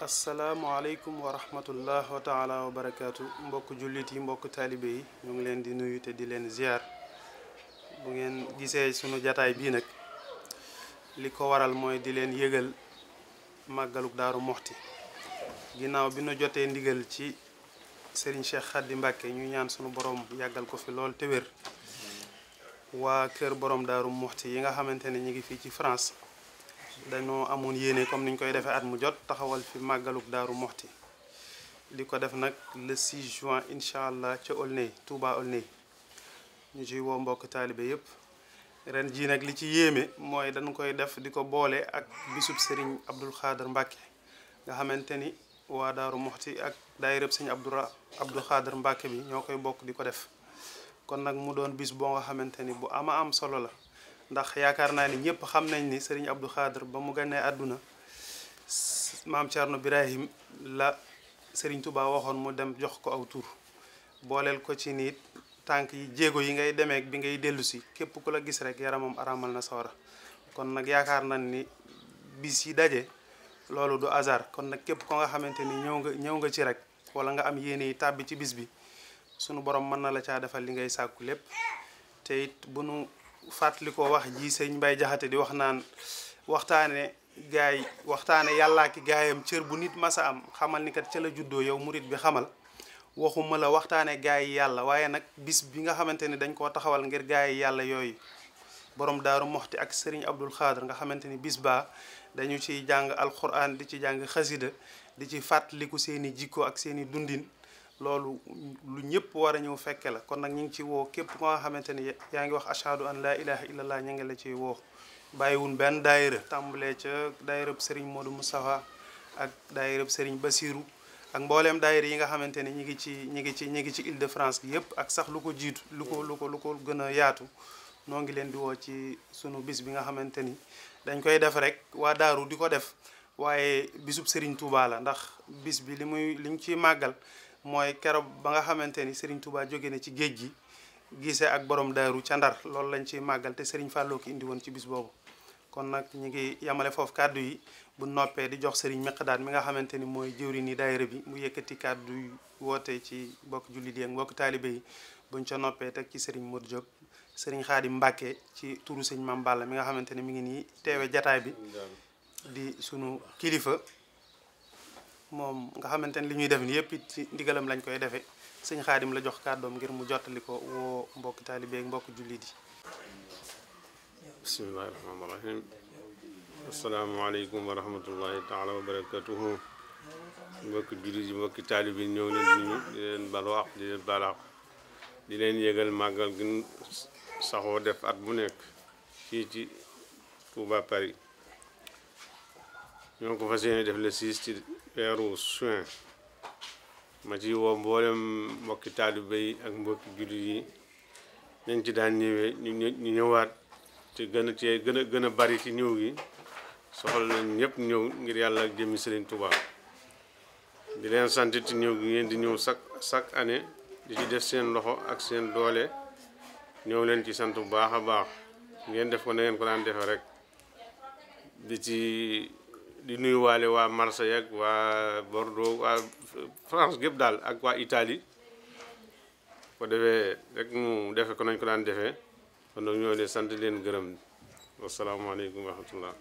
asalaamualeykum wa rahmatullah wa taala wa barakaatu mbokk jullit yi mbokk taalibe yi ñu ngi leen di nuyu te di leen ziar bu ngeen gisee sunu jataay bii nag li ko waral mooy di leen yëgal màggaluk daaru moxti ginnaaw bi nu jotee ndigal ci Serigne Cheikh Khady Mbacké ñu ñaan sunu borom yàggal ko fi lool te wér waa kër borom daaru moxti yi nga xamante ne ñu ngi fii ci France dañoo amoon yéene comme niñ koy defee at mu jot taxawal fi màggaluk daaru moxti di ko def nag le 6 juin incha allah ca Aulnay Touba Aulnay ñu ciy woo mbokk taalibe yëpp ren jii nag li ci yéeme mooy dañ koy def di ko boole ak bisub Serigne Abdul Xaadar Mbàkke nga xamante ni waa daaru moxti ak daayirëb Serigne Abdou Abdul Xaadar Mbàkke bi ñoo koy bokk di ko def kon nag mu doon bis boo nga xamante ni bu ama am solo la ndax yaakaar naa ni ñëpp xam nañ ni sëriñ Abdou Khadre ba mu gannee àdduna maam Thierno Birahim la sëriñ Touba waxoon mu dem jox ko aw tur booleel ko ci niit tànk yi jéego yi ngay demee bi ngay dellu si képp ku la gis rek yaramam aramal na sawara kon nag yaakaar nañ ni bis yi daje loolu du hasard kon nag képp ko nga xamante ni ñëw nga ñëw nga ci rek wala nga am yéene yi tàbbi ci bis bi sunu borom mën na la caa defal li ngay sàkku lépp te it bu nu fàttali ko wax ji sëñ Mbay Jaxate di wax naan waxtaane gaay waxtaane yàlla ki gaayam cër bu nit masa am xamal ni kat ca la juddoo yow murit bi xamal waxuma la waxtaane gaay yi yàlla waaye nag bis bi nga xamante ni dañ koo taxawal ngir gaay yàlla yooyu borom daaru moxti ak sëriñ Abdul Xaadir nga xamante ni bis baa dañu ciy jàng alquran di ci jàng xasida di ci fàttaliku seeni jikko ak seeni dundin loolu lu ñëpp war a ñëw fekke la kon nag ñu ngi ci woo képp ko nga xamante ni yaa ngi wax ashhadu an laa ilaha illallah ñu ngi la ci woo bàyyi bàyyiwun benn daayira tàmbalee ca daayirab sëriñ Modou Moustapha ak daayirab sëriñ Basirou ak mboolem daayira yi nga xamante ni ñi ngi ci ñi ngi ci ñi ngi ci Île de France gi yëpp ak sax lu ko jiitu lu ko lu ko lu ko gën a yaatu noo ngi leen di woo ci sunu bis bi nga xamante ni dañ koy def rek waa daaru di ko def waaye bisub sëriñ tuubaa la ndax bis bi li muy li ñu ciy màggal mooy keroog ba nga xamante ni Serigne Touba jóge na ci géej gi gisee ak borom daaru ca ndar loolu lañ ciy màggal te Serigne Fallou ki indi woon ci bis boobu. kon nag ñu ngi yamale foofu kàddu yi bu noppee di jox Serigne Miqdaat mi nga xamante ni mooy jëwri ni daayira bi mu yëkkati kàddu yi woote ci mbokk jullit yi ak mbokk taalibe yi buñ ca noppee teg ci Serigne Modou Diop sëriñ Khadim Mbacke ci turu sëñ Mame Balla mi nga xamante ni mu ngi nii teewe jataay bi di sunu kilifa. moom nga xamante ne li ñuy def ni yëpp ci ndigalam lañ koy defee sëñ xaadim la jox kàddoom ngir mu jottali ko woo mbokki taalibe ak mbokki jullit yi. bismillahi rahmaani rahim asalaamaaleykum wa rahmatullahi taala wa barakatuhu mbokki jullit ñëw leen ñu di leen balu àq di leen balaax di leen yëgal saxoo def at bu nekk fii ci Touba Paris ñoo ko fas yéene def le 6 weeru juin ma ci woo mboolem mbokki taalibe yi ak mbokki jullit yi nañ ci daan ñëwee ñu ñëwaat te gën a cee gën a gën a bari ci ñëw gi soxal leen ñëpp ñëw ngir yàlla ak jëmmi Sëriñ tubaab di leen sant ci ñëw gi ngeen di ñëw chaque chaque année di ci def seen loxo ak seen doole ñëw leen ci sant bu baax a baax ngeen def ko na ko daan defee rek di ci di nuyu waale waa Marseille ak waa Bordeaux waa France gépp daal ak waa Italie ko defee rek mu defe ko nañ ko daan defee kon nag ñoo ne sant leen gërëm wasalaamaaleykum wa rahmatullah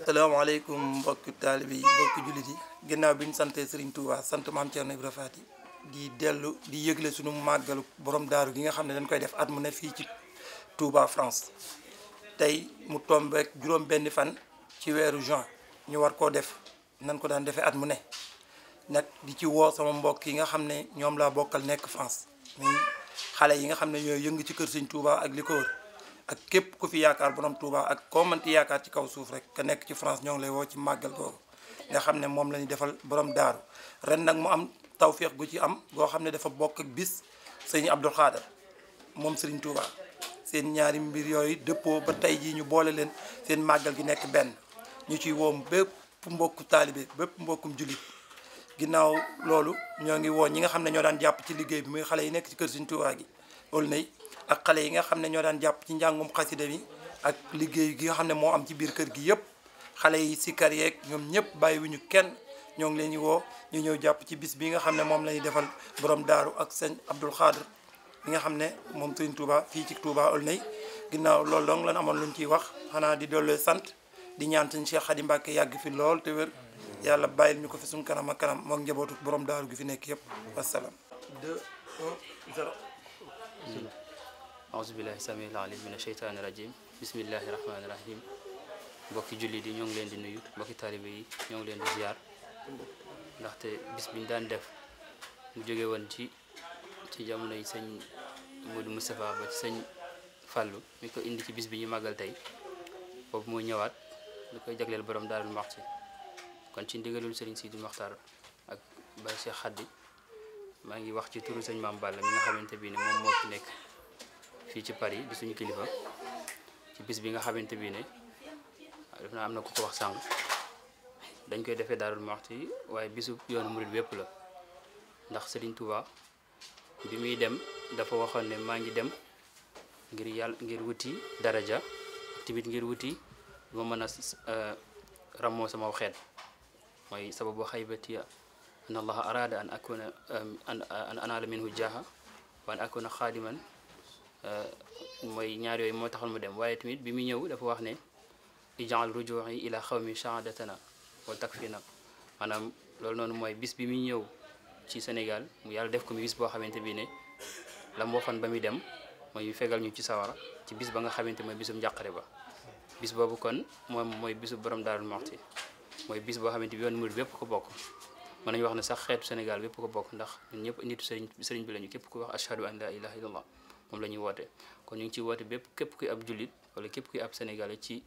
asalaamaaleykum mbokki taalibe yi mbokki jullit yi ginnaaw bi ñu santee Serigne Touba sant Maam Thierno Ibra Faty di dellu di yëgle suñu màggalu boroom daaru gi nga xam ne dañ koy def at mu ne fii ci tuuba France tey mu tombeek juróom benn fan ci weeru juin ñu war koo def nan ko daan defee at mu ne nag di ci woo sama mbokk yi nga xam ne ñoom laa bokkal nekk France muy xale yi nga xam ne ñooy yëngu ci kër Sëñ tuubaa ak li ko ak képp ku fi yaakaar borom Touba ak koo yaakaar ci kaw suuf rek ka nekk ci France ñoo ngi lay woo ci màggal googu nga xam ne moom la ñu defal borom daaru ren nag mu am tawféex gu ci am goo xam ne dafa bokk ak bis sëñ Abdou Khader moom Serigne Touba seen ñaari mbir yooyu dëppoo ba tey jii ñu boole leen seen màggal gi nekk benn ñu ciy woom bépp mbokku taalibe bépp mbokkum jullit ginnaaw loolu ñoo ngi woo ñi nga xam ne ñoo daan jàpp ci liggéey bi muy xale yi nekk ci kër Sëriñ Tuubaa gi Aulnay ak xale yi nga xam ne ñoo daan jàpp ci njàngum xasida mi ak liggéey gi nga xam ne moo am ci biir kër gi yëpp xale yi sikkar yeeg ñoom ñëpp bàyyiwuñu kenn ñoo ngi leen di woo ñu ñëw jàpp ci bis bi nga xam ne moom la ñuy defal borom daaru ak sëñ Abdul Xaadir bi nga xam ne moom Sëriñ Tuubaa fii ci Tuubaa nay ginnaaw loolu dong lan lu ñu ciy wax xanaa di doole sant di ñaan suñu Cheikh Xadim yàgg fi lool te wér yàlla bàyyil ñu ko fi suñu kanam ak kanam moom njabootu borom daaru gi fi nekk yëpp wasalaam. 2 1 0. auzu billahi samiil alim mina sheytaani rajim bismillahi rahmaani rahim mbokki jullit yi ñoo ngi leen di nuyu mbokki taalibe yi ñoo ngi leen di ziar ndaxte bis biñ daan def mu jóge woon ci ci jamono yi sëñ Modou Moustapha ba ci sëñ Fallou mi ko indi ci bis bi ñu màggal tey boobu moo ñëwaat. ñu koy jagleel borom Daarul Muxti kon ci ndigalul sii di Mokhtar ak Baye Cheikh Khady maa ngi wax ci turu sëñ Maam Balla mi nga xamante bi ne moom moo ci nekk fii ci Paris di suñu kilifa ci bis bi nga xamante bi ne def naa am na ku ko wax sànq dañ koy defee Daarul Muxti waaye bisu yoon murid bépp la ndax Serigne Touba bi muy dem dafa waxoon ne maa ngi dem ngir yàlla ngir wuti daraja timit ngir wuti ma mën a euh, rammoo sama xeet mooy sababu xaybatiya an allaha arada an akuna euh, an anaala minhu jaaha wa an akuna xaadiman euh, mooy ñaar yooyu moo taxal mu dem waaye tamit bi muy ñëw dafa wax ne ijaal rujuuxi ila xawmi shahaadatana wal takfina maanaam loolu noonu mooy bis bi muy ñëw ci Sénégal mu yàlla def ko mu bis boo xamante bi ne la mu waxoon ba muy dem mooy fegal ñu ci sawara ci bis ba nga xamante mooy bisum njàqare ba bis boobu kon moom mooy bisu borom daal Muxti mooy bis boo xamante bi yoon murid bépp ko bokk mën nañu wax ne sax xeetu Sénégal bépp ko bokk ndax ñun ñëpp nitu sëriñ sëriñ bi lañu képp ko wax ashhadu an la ilaha illallah moom la ñuy woote kon ñu ngi ci bépp képp kuy ab jullit wala képp kuy ab sénégalais ci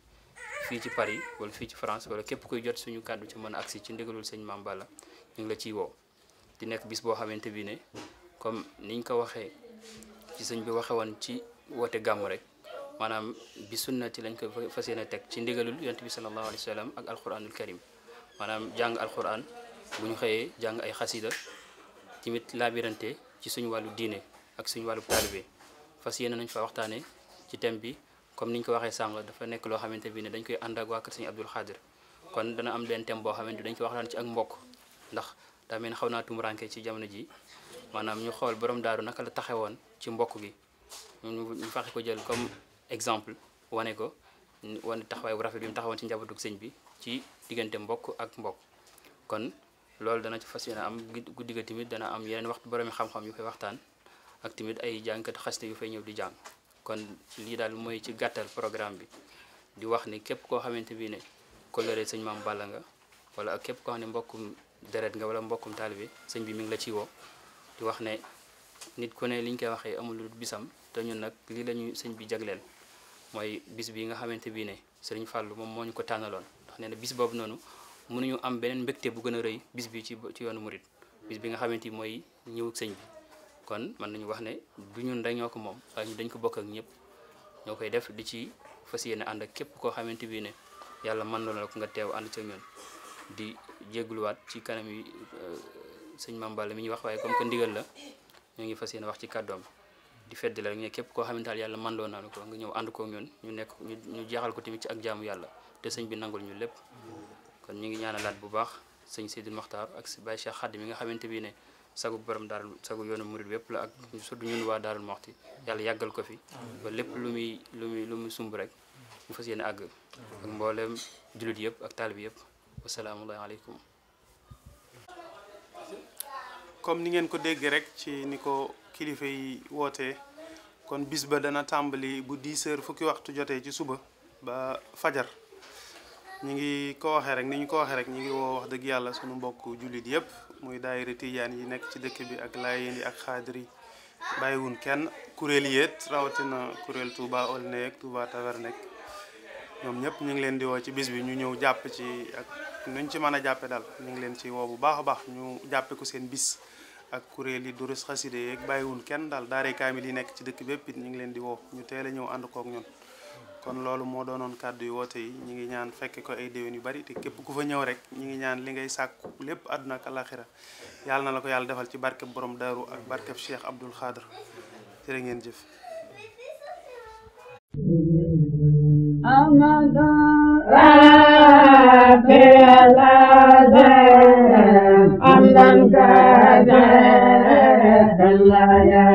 fii ci Paris wala fii ci France wala képp kuy jot suñu kàddu ci mën a agsi ci ndigalul sëñ Mame Balla ñu ngi la ciy woo di nekk bis boo xamante bi ne comme niñ ko waxee ci sëñ bi waxe woon ci woote gàmmu rek maanaam bi sunnati lañ ko fas yéene teg ci ndigalul yonent bi sallallahu alayhi wa sallam ak alquranul karim maanaam jàng alquran bu ñu xëyee jàng ay xasida tamit labirante ci suñu wàllu diine ak suñu wàllu taalibe fas yéene nañ fa waxtaane ci thème bi comme ni ñu ko waxee sànq dafa nekk loo xamante bi ne dañ koy ànd ak waa kër Sëriñ Abdul Xaadir kon dana am benn thème boo xamante dañ koy waxtaan ci ak mbokk ndax daa xaw naa tumuraanke ci jamono ji maanaam ñu xool borom daaru naka la taxewoon ci mbokk gi exemple wane ko wane taxawaay bu rafet bi mu ci njabootu sëñ bi ci diggante mbokk ak mbokk kon loolu dana ci fas yéene am guddi tamit dana am yeneen waxtu boroomi xam-xam yu fay waxtaan ak ay jàngkat xasida yu fay ñëw di jàng kon lii daal mooy ci gàttal programme bi di wax ni képp koo xamante bi ne coloré sëñ Maam Balla nga wala ak képp koo xam ne mbokkum deret nga wala mbokkum taalibe sëñ bi mi ngi la ci woo di wax ne nit ku ne liñ koy waxee amul lu bisam te ñun nag lii la sëñ bi jagleel mooy bis bi nga xamante bii ne Serigne fàllu moom moo ñu ko tànnaloon nee na bis boobu noonu mënuñu am beneen mbégte bu gën a rëy bis bi ci ci yoonu murit bis bi nga xamante ni mooy ñëw sëñ bi kon mën nañu wax ne du ñun dañoo ko moom waaye dañ ko bokk ak ñëpp ñoo koy def di ci fas yéene ànd ak képp koo xamante bii ne yàlla mën na la nga teew ànd ci ñun di jéggluwaat ci kanam yi euh, sëñ Mame mi ñu wax waaye comme que ndigal la ñu ngi fas yéene wax ci kàddoom di fedd la rek ne képp koo xamante ne yàlla man loo naanu ko nga ñëw ànd ko ñun ñu nekk ñu jeexal ko tamit ci ak jaamu yàlla te sëñ bi nangul ñu lépp kon ñu ngi ñaanalaat bu baax sëñ Seydil Maxtaar ak si Baye Cheikh Xadim mi nga xamante bi ne sagu borom daaral sagu yoonu murid wépp la ak surtout ñun waa Daarul Moxti yàlla yàggal ko fi ba lépp lu muy lu muy lu muy sumb rek ñu fas yéene àgg ak mboolem jullit yëpp ak taalibi yëpp wasalaamu aleykum comme ni kilifa yi wootee kon bis ba dana tàmbali bu 10 heures fukki waxtu jotee ci suba ba fajar ñu ngi koo waxee rek ni ñu ko waxee rek ñu ngi woo wax dëgg yàlla suñu mbokk jullit yëpp muy daayira tijaan yi nekk ci dëkk bi ak laayeen yi ak xaadir yi bàyyiwun kenn kuréel yéet rawatina kuréel Touba Aulnay ak Touba Taverny ñoom ñëpp ñu ngi leen di woo ci bis bi ñu ñëw jàpp ci ak nuñ ci mën a jàppe daal ñu leen ci woo bu baax a baax ñu jàppe ko seen bis ak kuréel yi durus xaside yeeg bàyyiwun kenn daal daaree kaamil yi nekk ci dëkk béppit it ñu ngi leen di woo ñu teel a ñëw ànd kook ñun kon loolu moo doonoon kàddu yu woote yi ñu ngi ñaan fekke ko ay déwén yu bari te képp ku fa ñëw rek ñu ngi ñaan li ngay sàkku lépp àdduna ak alaxira yàlla na la ko yàlla defal ci barkeb borom daaru ak barkeb Cheikh Abdoul Khadr jërë ngeen jëf الله